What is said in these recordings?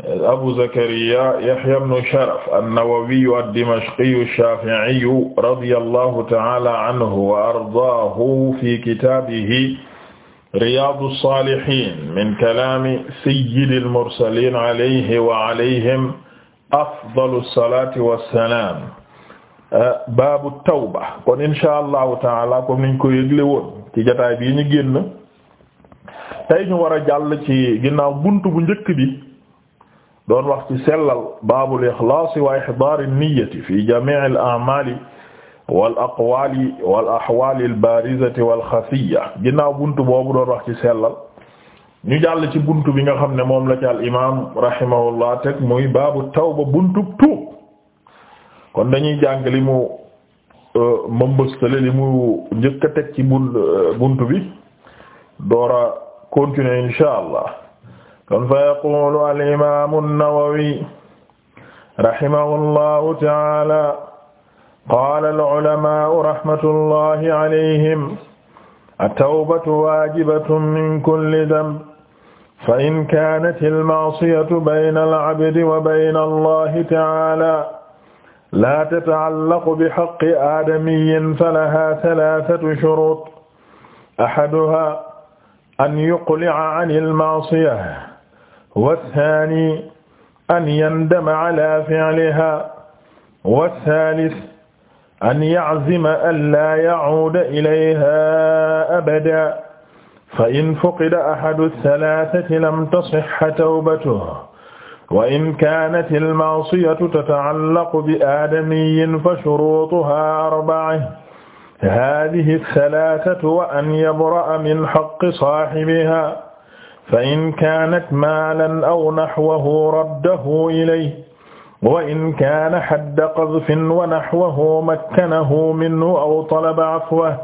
Abu Zakariya Yahya ibn Sharaf an-Nawawiyu ad-Dimashqiyu ash-Shafi'iyu radiyallahu ta'ala anhu wa ardaahu fi kitaabihi Riyaadu as-Saalihiin min kalaami sayyidil mursaliin alayhi wa alayhim afdalu as-salaati was-salaam. Baabu at-tawba kon inshaa Allahu ta'ala comme niñ ko yëgle woon ci jotaay bi ñu génn tey ñu war a jàll ci ginnaaw buntu bu njëkk bi. doon wax ci sellal baabu ixlaasi wa ixdaari niyyati fi jamiici al a'maali wal aqwaali wal axwaali al baarizati wal xafiyya ginnaaw buntu boobu doon wax ci sellal ñu jàll ci buntu bi nga xam ne moom la ci al imaam rahimahullah teg muy baabu tawba buntu tuub kon dañuy jàng li mu euh, mëmbëstale njëkk a teg ci euh, buntu bi doora continuer insha allah. kon fa yaqulu alimamu nnawawi rahimahu allahu taala qaala alulamaau rahmatullahi alayhim attawbatu waajibatun min kulli damb fa in kaanat almaasiyatu bayna alabdi wa bayna allahi taala laa tata'allaqu bihaqqi aadamiyyin falahaa salaasatu shuruut ahaduhaa an yuqli'a ani almaasiyah والثاني أن يندم على فعلها والثالث أن يعزم ألا يعود إليها أبدا فإن فقد أحد الثلاثة لم تصح توبته وإن كانت المعصية تتعلق بآدمي فشروطها أربعة هذه الثلاثة وأن يبرأ من حق صاحبها fa in kaanat maalan aw naxwahu raddahu ilayhi wa in kaana hadda qadfin wa naxwahu makkanahu minhu aw talaba afwahu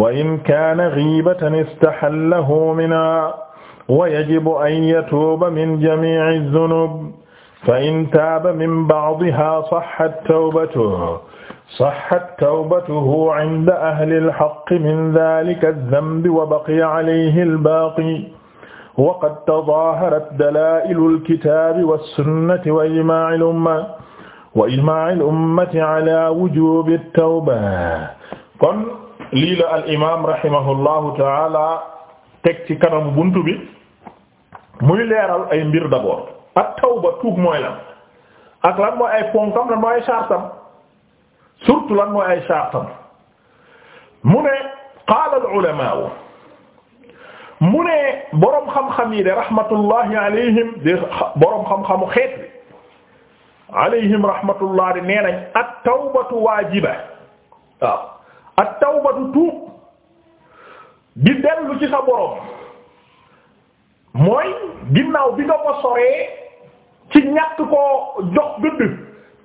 wa in kaana giibatan istaxallahu minhaa wa yajibu an yatuuba min jamiici zunub fa in taaba min bacdihaa saxxat tawbatuhu saxxat tawbatuhu cinda ahli lxaqqi min daalika zambi wa baqiya calayhi lbaaqi waqad tadaaharat dalaa'ilul kitaabi wa sunnati wa ijmaa'il umma wa ijmaa'il ummati ala wujuubi tawba kon lii la al imaam rahimahullahu taala teg ci kanamu buntu bi muy leeral ay mbir d'abord ak tawba tuub mooy lan ak lan mooy ay ponkam lan mooy ay sartam surtout lan mooy ay sartam mu ne qaala al ulamaa mu ne boroom xam-xam yi de rahmatullahi alayhim de boroom xam-xamu xeet bi alayhim rahmatullah di nee nañ at tawbatu waajiba waaw at tawbatu tuub di dellu ci sa boroom mooy ginnaaw bi nga ko soree ci ñàkk koo jox gëdd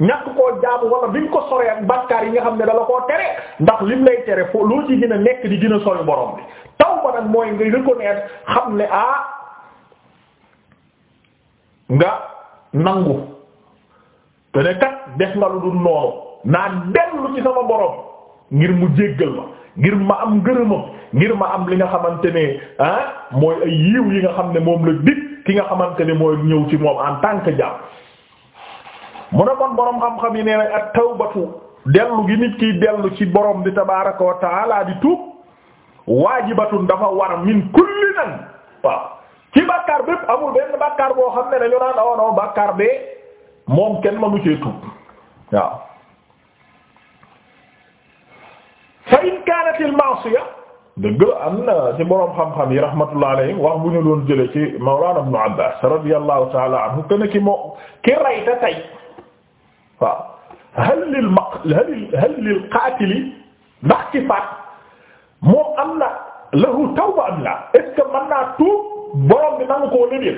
ñàkk koo jaamu wala bi nga ko soree ak bakkaar yi nga xam ne dala koo tere ndax lim lay tere foo loo ci gën a nekk di gën a sori boroom bi xam ko nag mooy nga xam ne ah nga nangu te ne kat def nga lu dul noonu naa dellu ci sama borom ngir mu jéggal ma ngir ma am ngërëmam ngir ma am li nga xamante ne ah mooy ay yiw yi nga xam ne moom la dig ki nga xamante ne mooy ñëw ci moom en tant que jàmm mu ne kon boroom xam-xam yi nee nañ at tawbatu dellu gi nit kiy dellu ci borom di tabaaraka wa laa di tuub waajibatun dafa war min kulli nan waaw ci bàkkaar bépp amul benn bàkkaar boo xam ne dañu naan awoon awoon bàkkaar bee moom kenn mënu cee tuub waaw fa in kaanatil boroom xam yi rahmatullahi alayhim wax bu ñu doon jële ci Mawlana Ibn ta'ala anhu kenn ki moo hal lil maq hal lil moom am na lahu tawba am la est-ce que mën naa tuub borom bi nangu koo lëgéen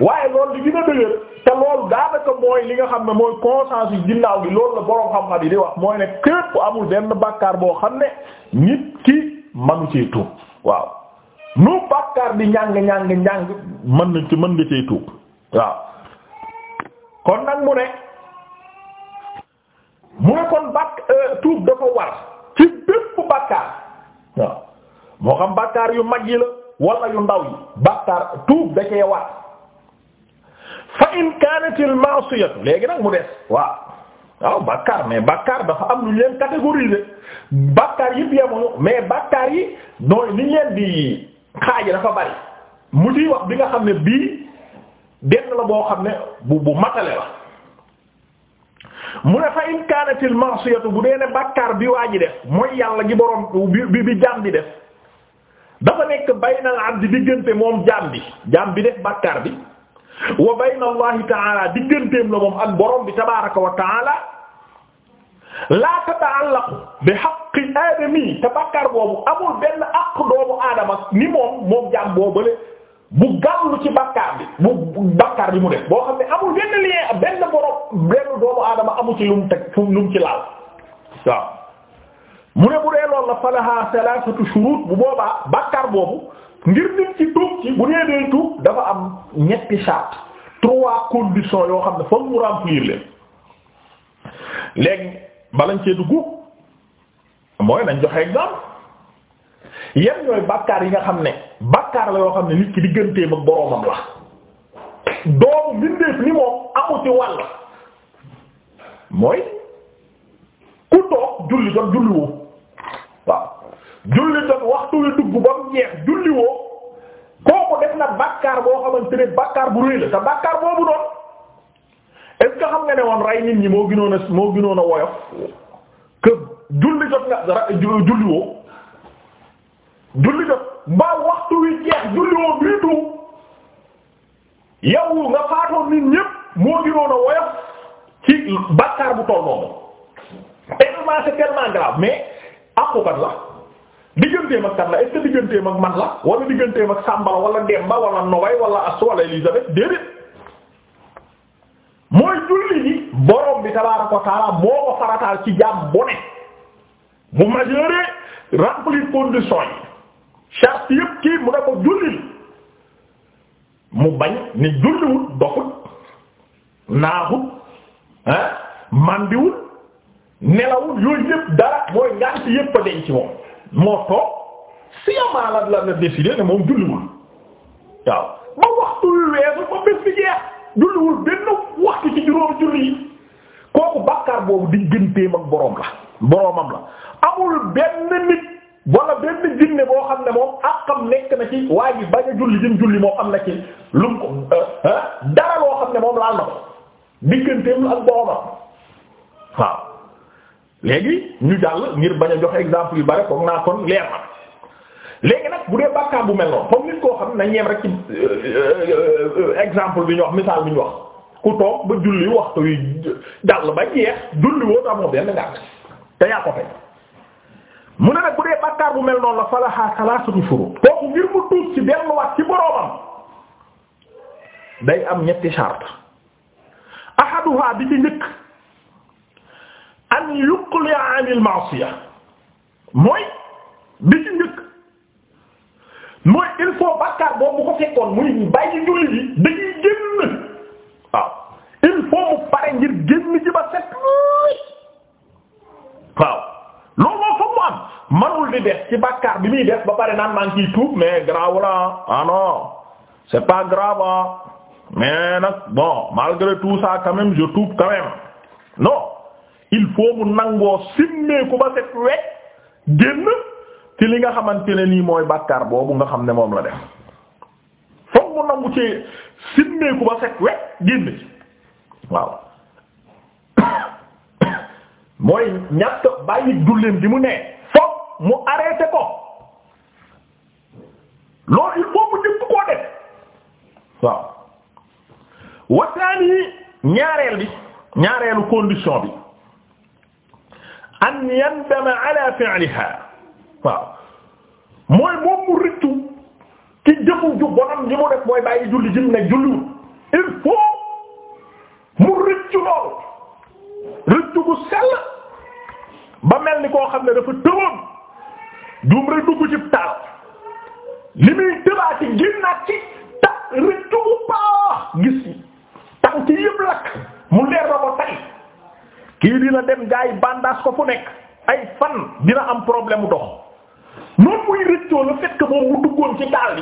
waaye loolu li gën a te loolu daanaka mooy li nga xam ne mooy consensus ginnaaw gi loolu la borom xam-xam yi di wax mooy ne képp amul benn bàkkaar boo xam ne nit ki manu cee tuub waaw nu bàkkaar di ñàng ñàng ñàng mën na ci mën nga cee tuub waaw kon nag mu ne mu ne kon bàkk euh, tuub dafa war ci bépp bàkkaar waaw moo xam bàkkaar yu mag yi la wala yu ndaw yi bàkkaar tuub da cee waat fa in kanat al léegi nag mu des waaw waaw bàkkaar mais bàkkaar dafa am lu ñu leen catégoriser bàkkaar yëpp yemuñu mais bàkkaar yi nooy ni ñu leen di xaaji dafa bari mu di wax bi nga xam ne bii benn la boo xam ne bu bu matale la mu ne fa in kaanatil ma'siyatu bu dee ne bàkkaar bi waa ji def mooy yàlla gi borom bi bi jaam bi def dafa nekk baynal abdi diggante moom jaam bi jaam bi def bàkkaar bi wa bayna allahi taala digganteem la moom ak borom bi tabaaraka wa taala laa tata'allaqu bi haqqi aadami te bàkkaar boobu amul benn àq doomu aadama ni moom moom jaam boobale bu gàllu ci bàkkaar bi bu bàkkaar bi mu def boo xam ne amul benn lien benn borom dama amu ci lum teg fu lum ci laal waaw mu ne bu dee loolu la falaha salasatu shurut bu boobaa bakkaar boobu ngir nit ci tuub ci bu dee dee tuub dafa am ñetti charte trois conditions yoo xam ne foog mu remplir leen léegi balañ cee duggu mooy nañ joxe exemple yan ñooy bàkkaar yi nga xam ne bàkkaar la yoo xam ne nit ki diggantee ba boroomam la doomu mbindeef ni moom amu ci wàll mooy ku toog julli jot julliwoo waaw julli jot waxtu wi dugg ba mu jeex julliwoo kooku def na bàkkaar boo xamante ne bàkkaar bu rëy la te bàkkaar boobu noonu est-ce xam nga ne woon rey nit ñi moo gënoon a moo gënoon a woyof que julli jot nga julliwoo julli jot ba waxtu wi jeex julliwoo biitu yow nga faatoon nit ñépp moo gënoon a woyof bàkkaar bu toll noonu tellement c'est tellement grave mais àqukat la digganteem ak kan la est-ce digganteem ak man la wala digganteem ak Samba la wala Demba wala Nobay wala Astu wala Elisabeth déedéet mooy julli gi borom bi tabaaraka wa taala moo ko farataal ci jaam bu ne bu majeure remplir conditions yi yëpp kii mu ne ko jullil mu bañ ni julliwul doxut naaxut ah mandiwul nelawul yooyu yëpp dara mooy ngant yëpp a denc moom moo toog siamaa la la la décidé ne moom julliwul waaw ba waxtu wi weesu ba bés benn waxtu ci juróom julli yi kooku bàkkaar boobu digganteem ak boroom la boroomam la amul benn nit wala benn jinne boo xam ne moom àqam nekk na ci waa ji bañ a julli jëm julli moom am na ci lu mu ko euh, dara loo xam ne moom laa na ko digganteem ak boromam waaw léegi ñu jàll ngir bañ a jox exemple yu bare foog naa kon leer na léegi nag bu dee bàkkaar bu mel noonu comme nit koo xam ne nañ yem rek ci euh, euh, exemple bi ñu wax misaal bi ñu wax ku toog ba julli waxtu wi jàll ba jeex julli woo tax moo benn ngànt te yaa ko fay mu ne nag bu dee bàkkaar bu mel noonu la falaha salasatu furu kooku ngir mu tuub ci delluwaat ci boroomam day am ñetti charte ahaduha bi an yuqli anil ma'siya mooy bi mooy il faut bàkkaar boobu ko fekkoon muy bàyyi julli bi dañuy génn waaw il faut mu pare ngir génn ci ba set waaw loolu am manul di def ci bàkkaar bi muy def ba pare naan maa ngi mais grave la ah, ah c'est pas grave ah. mais nag bon malgré tout ça quand même je non il faut mu nangoo simmee ku ba set wecc génn ci li nga xamante ne lii mooy bàkkaar boobu nga xam ne moom la def foog mu nangu ci simmee ku ba set wecc génn ci waaw mooy ñàkk bàyyi dulleem bi mu ne foog mu arrêté ko loolu il faut mu jëkk koo def waaw wataani ñaareel bi ñaareelu condition bi an yandama ala fi'liha waaw mooy moom mu rëccu ci jëfu ju bonam ji mu def mooy bàyyi julli jëm ne julliwul il faut mu rëccu loolu rëccu bu sell ba mel ni koo xam ne dafa tëboon juum rek dugg ci taal li muy tëbaati génnaat ci ta rëccu bu baax gis tànk yëpp lakk mu leer na ko tay kii dina dem jaay bandage ko fu nekk ay fan dina am problème mu dox noonu muy rëccoo le fait moom mu duggoon ci gaal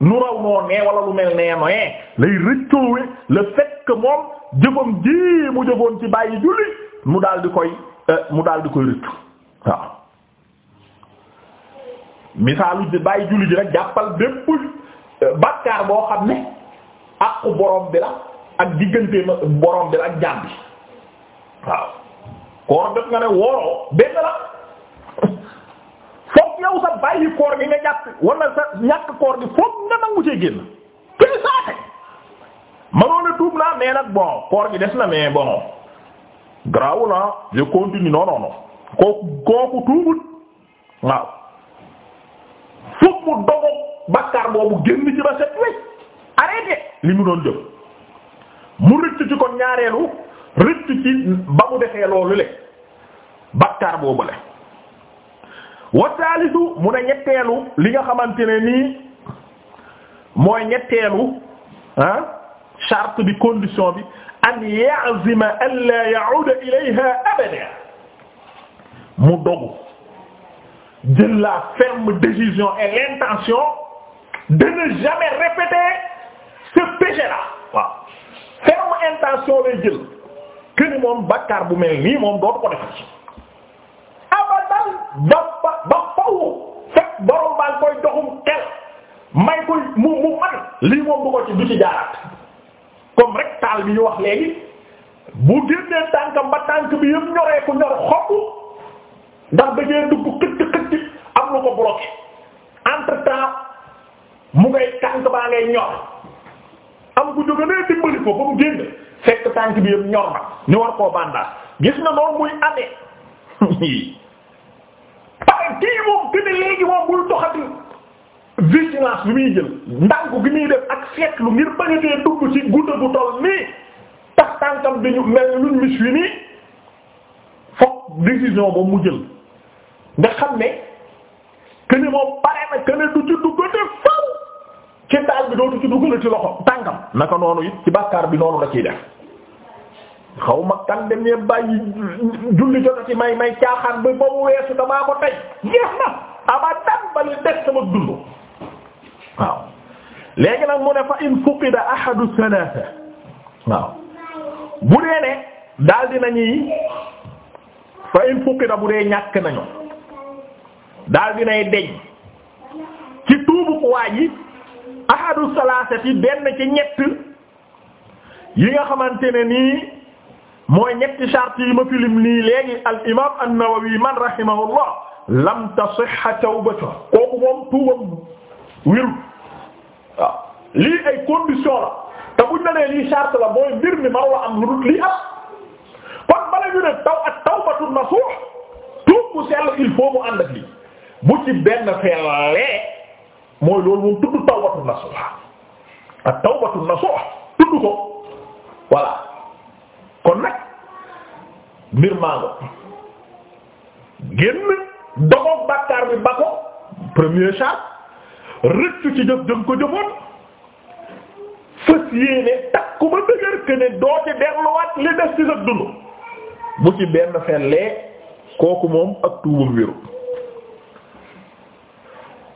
nu raw noo nee wala lu mel nee noyee lay rëccoowe le fait que moom jëfam ji mu jëfoon ci bàyyi julli mu daal koy euh, mu daal koy rëccu waaw misaalu bàyyi julli ji rek jàppal bépp euh, bàkkaar boo xam ne àqu borom bi la ak digganteem borom bi ak jaam bi waaw koor def nga ne wooroo benn la foog yow sa bàyyi koor gi nga jàpp wala sa ñàkk koor gi foog nga nangu cee génn kii saate manoon a tuub naa mais nag koor gi des na mais bon grawu na ah, je continue non non non kooku kooku waaw foog mu dogo bakkaar boobu génn ci ba set wecc arrêté li mu doon jëf mu rëcc ci kon ñaareelu rëcc ci ba mu defee loolu le bakkaar boobu le wa mu ne ñetteelu li nga xamante ne nii mooy ñetteelu ah charte bi condition bi an ya'zima an la ya'uda ilayha abada mu dogu jël la ferme décision et l'intention de ne jamais répéter ce péché-là ferme intention lay jël que ni moom bakkaar bu mel nii moom dootu ko defati abadan ba ba ba faw fekk borom baa koy doxum kel may koy mu mu man lii moom du ko ci du ci jaaraat comme rek taal bi ñu wax léegi bu génnee tànkam ba tànk bi yëpp ñoree ko ñor xobu ndax da ngeen dugg xëcc xëcc am lu ko bloqué entre temps mu ngay tànk baa ngay ñor. am ku jóge nee dimbali ko ba mu génn fekk tànk bi yëpp ñor na ñu war koo bandaas gis na noonu muy amee parce que moom gën léegi moom muy doxati vigilance bi muy jël ndànk gi muy def ak seetlu ngir bañ dugg ci gudda bu toll nii tax tànkam dañu mel luñ mis wi nii fokk décision ba mu jël nga xam ne que ne moom pare na que ne du ci ci daal bi dootu ci dugalati loxo tànkam naka noonu it ci bàkkaar bi noonu la ciy def xaw ma kan demee bàyyi julli jot ci may may caaxaan ba boobu weesu damaa ko tey jeex na abadan ba li des sama dund waaw léegi nag mu ne fa in fuqida ahadu thalatha waaw bu dee ne daal di nañuy fa in fuqida bu dee ñàkk nañu daal di deñ ci tuubu ko waa ahadu salaasati benn ci yi nga xamante ne ni mooy ñetti shart yi ma filim nii léegi al imaam an-Nawawi man rahimahullah lam tasihha tawbatu kooku moom tuubam wéru waaw lii ay condition la te buñ la nee lii shart la mooy mbir mi mën am lu lii am kon bala ñu ne taw ak tawbatu nasuh tuub bu sell il faut mu ànd ak lii bu ci benn mooy loolu moom tudd tawbatu nasuha ak tawbatu nasuha tudd ko voilà kon nag mbir mango génn dogoog bàkkaar bi ba ko premier char rëcc ci jëf jëm ko jëfoon fës yéene takku ba dëgër que ne doo ci delluwaat li des ci sa dund bu ci benn fellee kooku moom ak tuubam wéru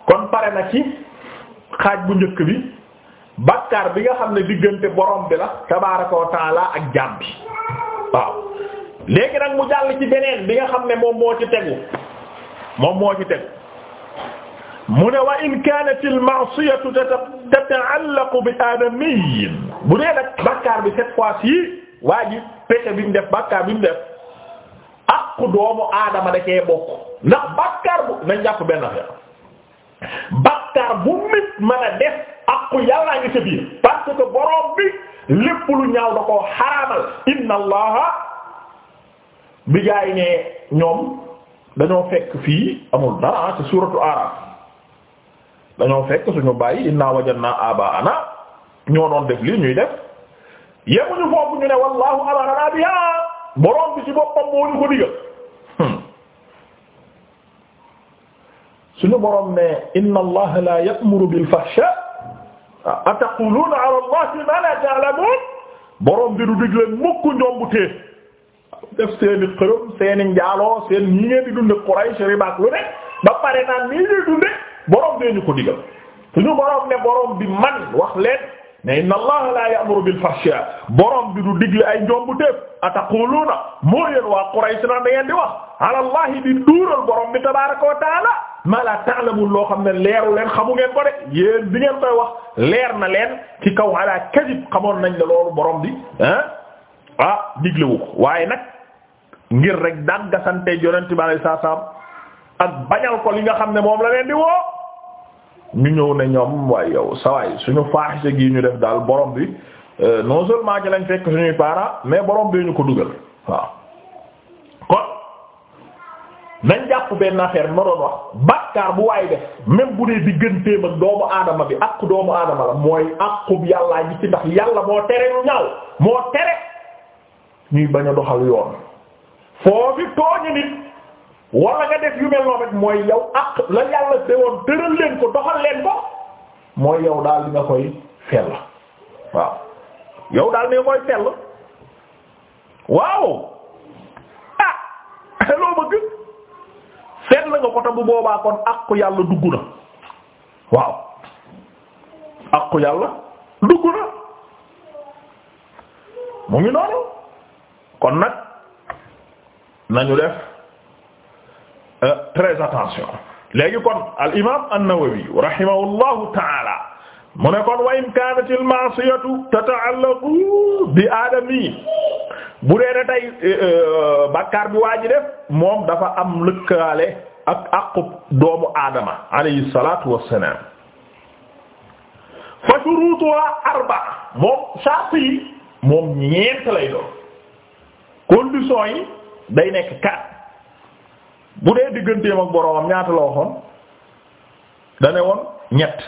kon pare na ci xaaj bu njëkk bi bàkkaar bi nga xam ne diggante borom bi la tabaaraka wa taala ak jaam bi waaw léegi nag mu jàll ci beneen bi nga xam ne moom moo ci tegu moom moo ci tegu mu ne wa in kaanat al ma'siyatu tata'allaqu bi aadamiyin bu dee nag bàkkaar bi cette fois-ci waa ji péché bi mu def bàkkaar bi mu def ak doomu aadama da cee bokk ndax bàkkaar bu nañ jàpp benn affaire bàkkaar bu nit mën a def aqu yàllaa ngi sa biir parce que borom bi lépp lu ñaaw da koo xaraamal inna allaha bi gaay ne ñoom dañoo fekk fii amul dara ah, ci suuratu araf dañoo fekk suñu bàyyi inna wajadna abaana ñoo doon def lii ñuy def yemuñu foofu ñu ne wallahu amarana biha borom bi ci boppam moo ñu ko digal suñu borom ne inna allaha la ya'muru bil fahsha ataquluna ala allahi ma la ta'lamun borom bi du digle mukk njombu téef def seeni xërëm seeni njaaloo seen ñi ngeen di dunde Quraysh ribaak lu ne ba pare naan nii ñuy dunde borom bee ñu ko digal suñu borom ne borom bi man wax leen ne inna allaha la ya'muru bil fahsha borom bi du digle ay njombu téef ataquluna moo yéen waa Quraysh na da ngeen di wax ala allahi di duural borom bi tabaaraka wa taala ma la ta'lamun loo xam ne leeru leen xamu ngeen ko de yéen bi ngeen koy wax leer na leen ci kaw ala kadib xamoon nañ la loolu borom bi ah ah diglewu ko waaye nag ngir rek daggasante yonent bi sallallahu alayhi wasallam ak bañal ko li xam ne moom la leen di woo ñu ñëw ne ñoom waaye yow sawaay suñu faaxise gi ñu def daal borom bi euh, non seulement ci lañ fekk suñuy parents mais borom bee ñu ko dugal waaw kon nañ jàpp benn affaire ma doon wax bàkkaar bu waaye def même bu dee digganteem ak doomu aadama bi ak doomu aadama la mooy àqub yàllaa ji ci ndax yàlla moo tere ñu moo tere ñuy bañ doxal yoon foofu tooñu nit wala nga def yu mel noonu rek mooy yow ak la yàlla dewoon tëral leen ko doxal leen ko mooy yow daal di nga koy fell waaw yow daal di nga koy fell waaw ah loo bëgg na nga ko ta boobaa kon àqu yàlla dugg na waaw àqu yàlla dugg na mu ngi noonu kon nag nañu def Euh, très léegi kon al imam an taala mu ne kon wa in kaanat al ma'siyatu bi aadami bu dee ne tey euh, euh, bàkkaar bi waa ji def moom dafa am lëkkaale ak aqub doomu aadama alayhi salatu wassalam fa shurutuha arba moom sart yi moom ñeent lay doon day nekk kat bu dee digganteem ak boroomam ñaata la waxoon woon ñett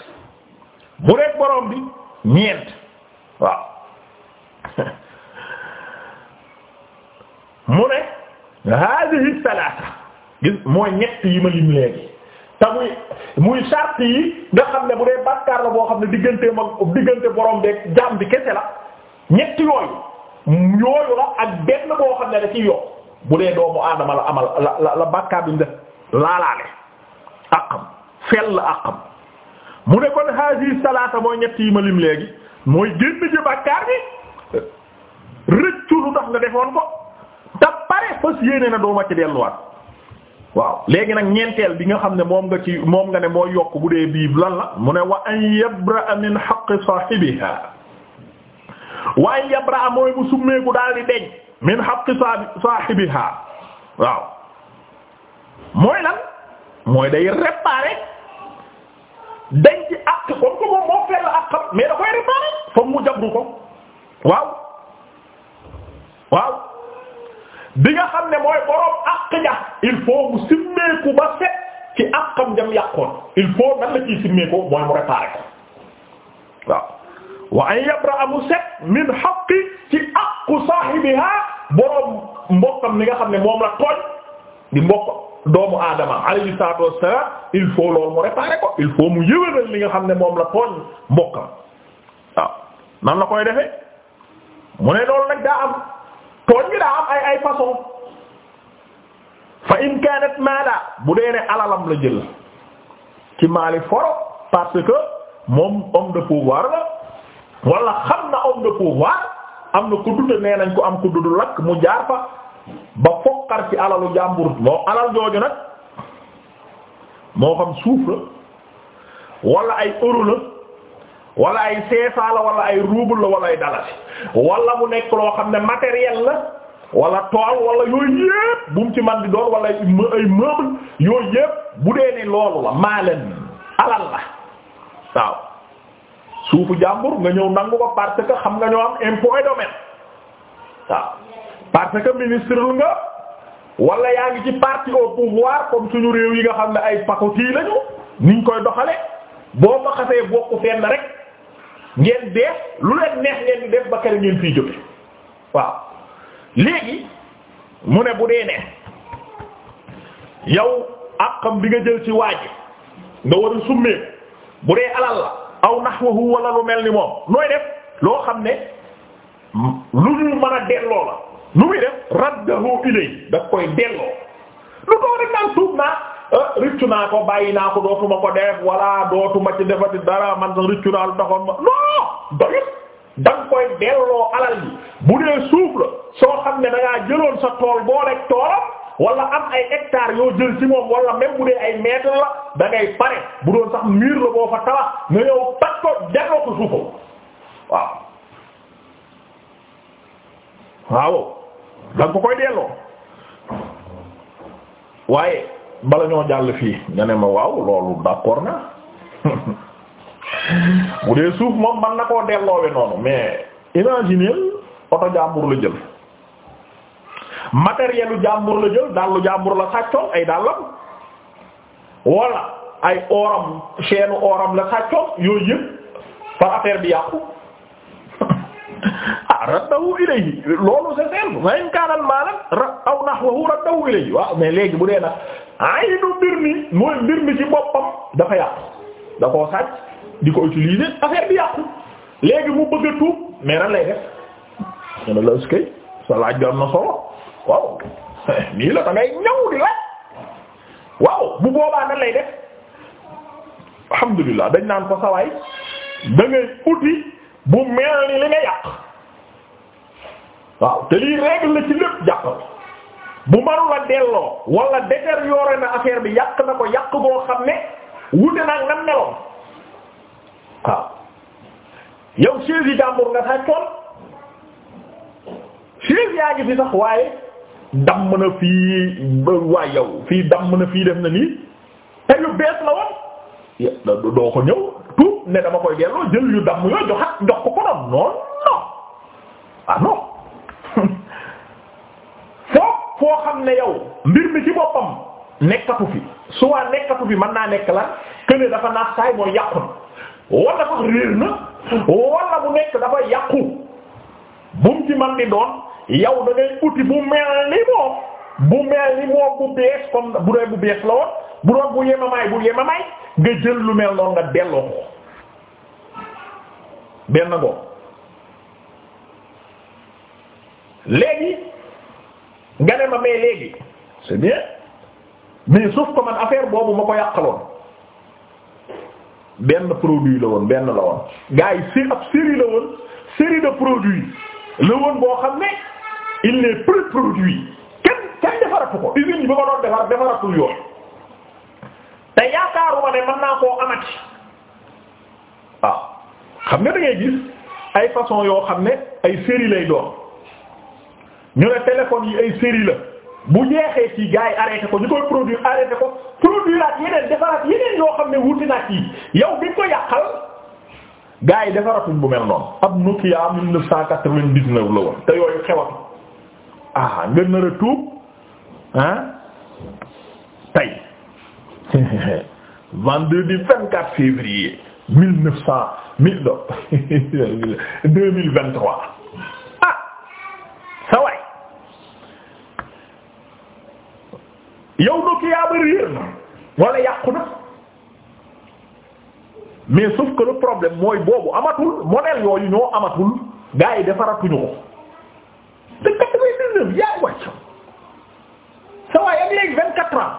bu dee boroom bi ñeent waaw mu ne hadihi salaasa gis mooy ñett yi ma lim léegi te muy muy sart yi nga xam ne bu dee bàkkaar la boo xam ne digganteem ak diggante boroom bi jaam bi kese la ñett yooyu yooyu la ak benn boo xam ne da ci yokk bu dee doomu aadama la amal la la la bàkkaar bi mu def laalaale àqam fell àqam mu ne kon haasi salaata mooy ñett yi ma lim léegi mooy génn ci bàkkaar bi rëccu lu tax nga defoon ko te pare fas yéene na dooma ci delluwaat waaw léegi nag ñeenteel bi nga xam ne moom nga ci moom nga ne moo yokk bu dee bii lan la mu ne wa an yabra min haqqi saahibiha wa an yabra bu mu summeeku daal di deñ min haqqi saahibiha waaw mooy lan mooy day réparer dañ ci àq comme que moom moo fell ak xam mais da koy réparer mu jabru ko waaw waaw bi nga xam ne mooy borom àq ja il faut mu simmeeku ba set ci àqam jam yàqoon il faut nan la ciy simmeeku mooy mu réparer waaw wa an yabra mu set min haqqi ci aqu saahibiha borom mbokkam li nga xam ne moom la tooñ di mbokk doomu aadama alayhi salaatu il faut loolu mu réparer ko il faut mu yëwénal li nga xam ne moom la tooñ mbokkam waaw nan la koy defee mu ne loolu nag daa am tooñ bi daa am ay ay façon fa in kanat maala bu dee ne alalam la jël ci maali foro parce que moom homme de pouvoir la wala xam na homme de pouvoir am na ku dund nee nañ ko am ku dund lakk mu jaar fa ba foqar ci alalu jàmbur moo alal jooju nag moo xam suuf la wala ay euro la wala ay CFA la wala ay rouble la wala ay dalasi walla mu nekk loo xam ne matériel la walla tool wala yooyu yépp bu mu ci man di doon wala ay meuble yooyu yépp bu dee ne loolu la maalan alal la waaw suufu jàmbur nga ñëw nangu ko parce que xam nga ñoo am impôt et domaine waaw parce que ministre lu nga wala yaa ngi ci parti au pouvoir comme suñu réew yi nga xam ne ay pacotille lañu niñ koy doxale boo fa xasee bokk fenn rek ngeen def lu leen neex ngeen di def ba kër ngeen fiy jóge waaw léegi mu ne bu dee ne yow àqam bi nga jël ci waaj nga war a summee bu dee alal la aw nahwahu wala lu mel ni moom nooy def loo xam ne lu ñu mën a delloo la nu muy def raddahu ilay da koy delloo lu ah, bàyyi naa ko dootuma ko def wala dootuma ci defati dara man sax rëccu naa lu taxoon ma non doyut da koy delloo alal bi bu dee suuf la soo xam ne da ngaa jëloon sa tool boo rek toolam wala am ay hectares yoo jël ci moom wala même bu dee ay mètres la da pare bu doon sax mur la boo fa tabax nga yow pat ko ko suufam waaw waaw da ko koy delloo waaye bala ñoo jàll fii nga ma waaw loolu d'accord na bu dee suuf moom man na koo delloowe noonu mais imaginer oto jàmbur la jël matériel lu jàmbur la jël daal lu jàmbur la sàccoon ay dàllam wala ay oram chaîne oram la sàccoon yooyu yëpp par affaire bi yàqu ah raddahu ilayhi loolu c'est simple fa in kaana al-maala aw nahwahu raddahu ilayhi waaw mais léegi bu dee nag aynu mbir mi mooy mbir mi ci boppam dafa yàqu da sàcc di ko utiliser affaire bi yàqu léegi mu bëgg a tuub mais ran lay sa laaj am na solo. waaw nii la da ñëw di laaj waaw bu boobaa nan lay def alhamdulilah dañ naan ko sawaay da uti bu mel ni li nga yàq waaw te lii règle la ci lépp bu maru delloo wala détérioré na affaire bi yàq na ko yàq boo xam ne wute naa nga meloon waaw yow chaise yi nga sàccoon chaise yaa ngi fi sax waaye damm na fii waay yow fii damm na fii def na lii te yu bees la woon doo ko ñëw tout ne dama koy delloo jël yu damm yooyu joxat jox ko ko noonu non non ah foo xam ne yow mbir mi ci boppam nekkatu fi soit nekkatu fi mën naa nekk la këne dafa naaf saay mooy yàqu na wala sax réer na wala bu nekk dafa yàqu bu mu ci man di doon yow da ngay uti bu mel ni moom bu mel ni moom bu bees comme bu doy bu bees la woon bu doon bu yemamaay bu yemamaay nga jël lu mel noonu nga delloo ko benn ngoom léegi nga ne ma mais léegi c'est bien mais sauf que man affaire boobu ma ko yàqaloon benn produit la woon benn la woon gars yi si ab série la woon série de produits la woon boo xam ne il n'est plus produit kenn kenn defaratu ko usine bi ba doon defar defaratul yooyu te yaakaaruma ne mën naa koo amati waaw ah, xam nga da gis ay façon yoo xam ne ay série lay doon ñu ne téléphone yi ay série la bu jeexee ci gars yi arrêté ko ñu koy produit arrêté ko produire ak yeneen defaraat yeneen yoo xam ne wuti na ci yow bi ko yàqal gars yi defaratuñ bu mel noonu ab Nokia 1999 la woon te yooyu xewatu ah nga nar a tuub ah vendredi vingt-quatre février mille neuf cent mille deux ah sa waay yow nokki ba réer na wala yàqu na mais sauf que le problème mooy boobu amatul modèle yooyu ñoo amatul gars yi defaratuñu ko neuf yaay wàcc sa waay ak léegi vingt quatre ans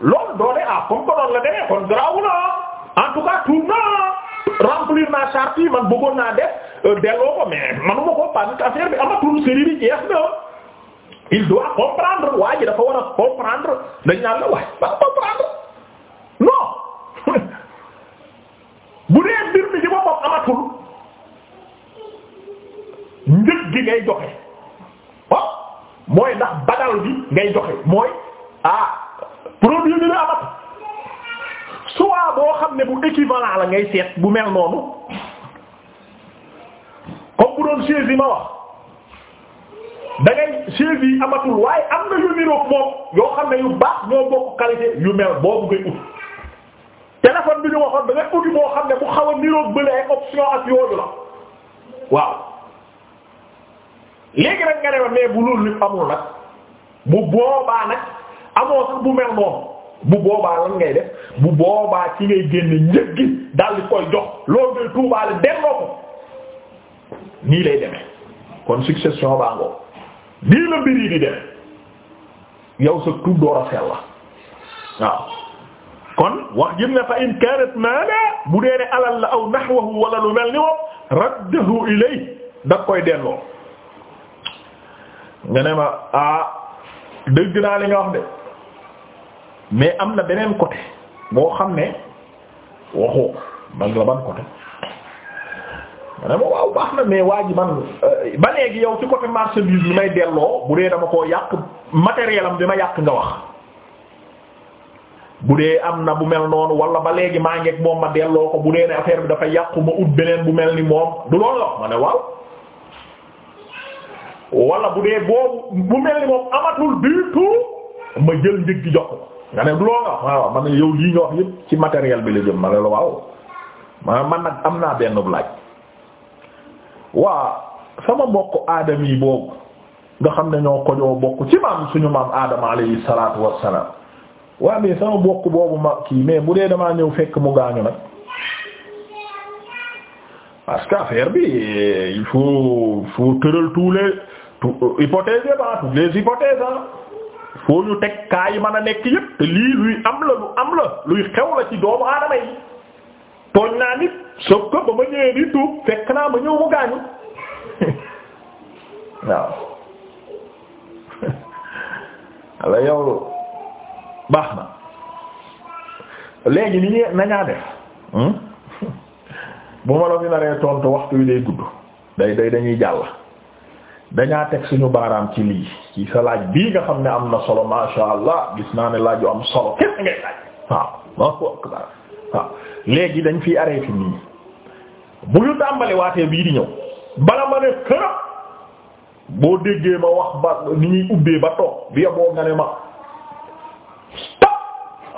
loolu doone ah comme que noonu la demee kon garaawu na ah. en tout cas tout na remplir naa charte man bëggoon euh, ko mais manuma ko parce que affaire bi amatul bi jeex na il doit comprendre waa ji dafa war a comprendre dañ naan la waay ba comprendre non bu dee mbir mi ci boppam amatul njëg gi ngay joxe. waaw mooy ndax badal bi ngay joxe mooy ah produit bi amat soit boo xam ne bu équivalent la ngay seet bu mel noonu comme bu doon chaise ma wax da ngay amatul waaye am na yu niroog moom yoo xam ne yu baax ñoo bokk qualité yu mel boobu ngay ut téléphone bi ñu waxoon da ngay uti boo xam ne bu xaw a niroog bële ay option ak yooyu la waaw léegi nag nga ne ma mais bu loolu lépp amul nag bu boobaa nag amoo sax bu mel noonu bu boobaa lan ngay def bu boobaa ci ngay génne njëg gi di koy jox loolu ngay tuubaale delloo ko nii lay demee kon succession baa ngoo nii la mbir di demee yow sa tuub door a sell la waaw kon wax jëm ne fa in kanat maala bu dee ne alal la aw nahwahu wala lu mel ni moom raddahu ilay da koy delloo nga ne ma ah dëgg naa li nga wax de mais am na beneen côté boo xam ne waxoo man la ban côté ma ne ma waaw baax na mais waa ji man euh, ba léegi yow ci côté marchandise bi may delloo bu dee dama koo yàq matériel am bi ma yàq nga wax bu dee am na bu mel noonu wala ba léegi maa ngeeg moom ma delloo ko bu dee ne affaire bi dafa yàqu ma ut beneen bu mel ni moom du loolu la ma ne waaw wala bu dee boobu bu mel ni moom amatul du tout ma jël njëg gi jox nga ne du loo nga waaw man ci matériel bi ma la waaw man nag am naa benn bu laaj waa sama mbokk aadam yi boobu nga xam ne ñoo ko bokk ci maam suñu maam aadama alayhi salaatu wassalaam waa mais sama mbokk boobu ma kii mais bu dee damaa ñëw fekk mu gaañu nag parce que bi il faut tëral tous Euh, hypothèse ba toutes les hypothèses foo ñu teg kaa yi mën a nekk yépp te lii luy am la lu am la luy xew la ci doomu aadama yi tooñ naa nit sauf ba ma ñëwee di tuub fekk naa ma ñëw mu gaañu waaw walla yow baax na léegi ni ñu nañaa def hmm? bu ma la fi naree tontu waxtu wi day gudd day day dañuy jàll dañaa teg suñu baaraam ci lii ci sa laaj bii nga xam ne am na solo masha allah gis naa ne laaj yu am solo kenn ngay laaj waaw léegi dañ fiy arrêté nii bu ñu tàmbali waatee bii di ñëw bala ma ne këram boo déggee ma wax ba ni ñuy ubbee ba toog bi yaboo nga ne ma stop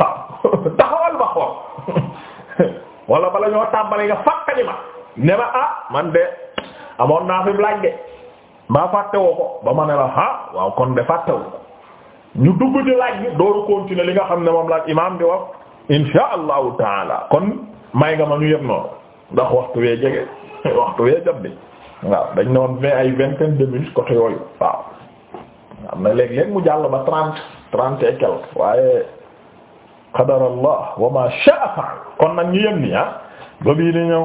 waaw taxawal ma xool wala bala ñoo tàmbali nga fàttali ma ne ma ah man de amoon naa fi laaj de maa fàtte woo ko ba ma ne la ah waaw kon de fàtte ñu dugg ci laaj bi dooru continuer li nga xam ne moom laaj imaam di wax insha allahu taala kon may nga ma ñu yem noonu ndax waxtu wee jege waxtu wee jot bi waaw dañ ne woon ay vingtaine de minutes côté yooyu waaw am na léeg-léeg mu jàll ba trente trente et quelques waaye qadarallah wa ma sha'a fa'al kon nag ñu yem nii ah ba bii di ñëw